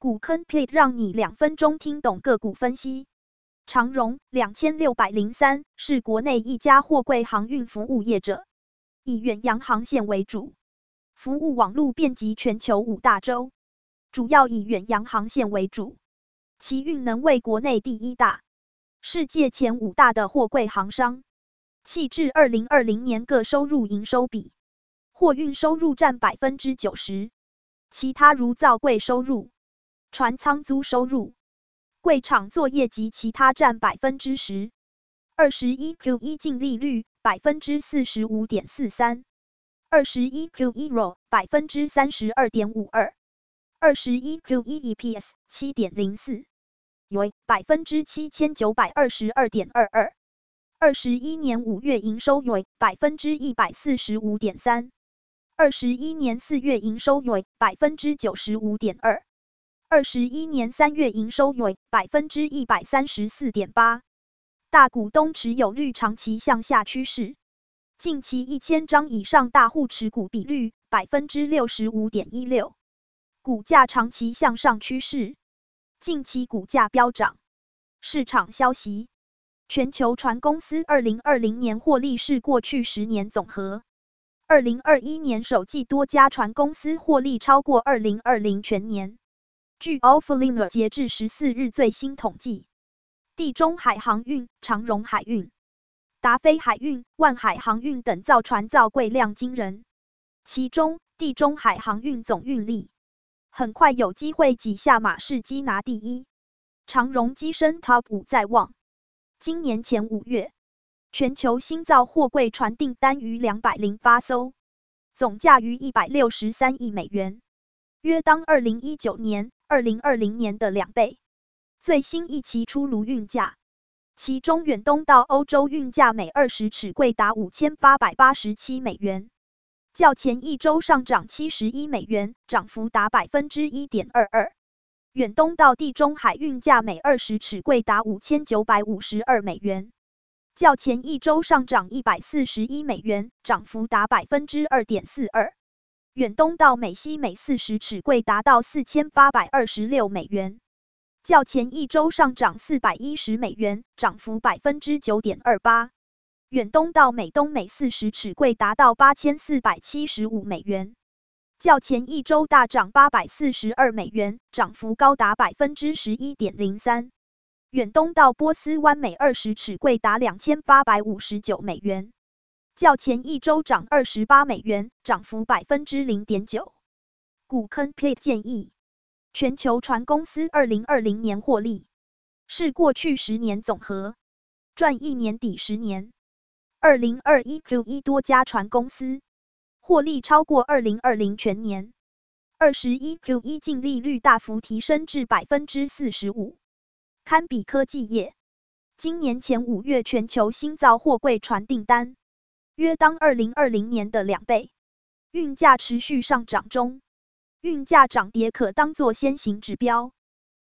股坑 pit 讓你兩分鐘聽懂個股分析。長榮兩千六百零三是國內一家貨櫃航運服務業者，以遠洋航線為主，服務網絡遍及全球五大洲，主要以遠洋航線為主。其運能為國內第一大，世界前五大的貨櫃航商。迄至二零二零年各收入營收比，貨運收入佔百分之九十，其他如造櫃收入。船艙租收入、櫃場作業及其他占百分之十。二十一 Q 一淨利率百分之四十五點四三，二十一 Q 一 ROE 百分之三十二點五二，二十一 Q 一 EPS 七點零四，YoY 百分之七千九百二十二點二二。二十一年五月營收 YoY 百分之一百四十五點三，二十一年四月營收 YoY 百分之九十五點二。二十一年三月營收為百分之一百三十四點八，大股東持有率長期向下趨勢，近期一千張以上大戶持股比率百分之六十五點一六，股價長期向上趨勢，近期股價飆漲。市場消息：全球船公司二零二零年獲利是過去十年總和，二零二一年首季多家船公司獲利超過二零二零全年。據 Alphaliner 截至十四日最新統計，地中海航運、長榮海運、達飛海運、萬海航運等造船造櫃量驚人。其中，地中海航運總運力很快有機會擠下馬士基拿第一，長榮躋身 TOP 五在望。今年前五月，全球新造貨櫃船訂單逾兩百零八艘，總價逾一百六十三億美元。約當二零一九年、二零二零年的兩倍。最新一期出爐運價，其中遠東到歐洲運價每二十尺櫃達五千八百八十七美元，較前一周上漲七十一美元，漲幅達百分之一點二二。遠東到地中海運價每二十尺櫃達五千九百五十二美元，較前一周上漲一百四十一美元，漲幅達百分之二點四二。遠東到美西每四十尺櫃達到四千八百二十六美元，較前一周上漲四百一十美元，漲幅百分之九點二八。遠東到美東每四十尺櫃達到八千四百七十五美元，較前一周大漲八百四十二美元，漲幅高達百分之十一點零三。遠東到波斯灣每二十尺櫃達兩千八百五十九美元。較前一周漲二十八美元，漲幅百分之零點九。股坑 p l a y 建議，全球船公司二零二零年獲利是過去十年總和，賺一年抵十年。二零二一 Q 一多家船公司獲利超過二零二零全年。二十一 Q 一淨利率大幅提升至百分之四十五，堪比科技業。今年前五月全球新造貨櫃船訂單。約當二零二零年的兩倍，運價持續上漲中，運價漲跌可當作先行指標。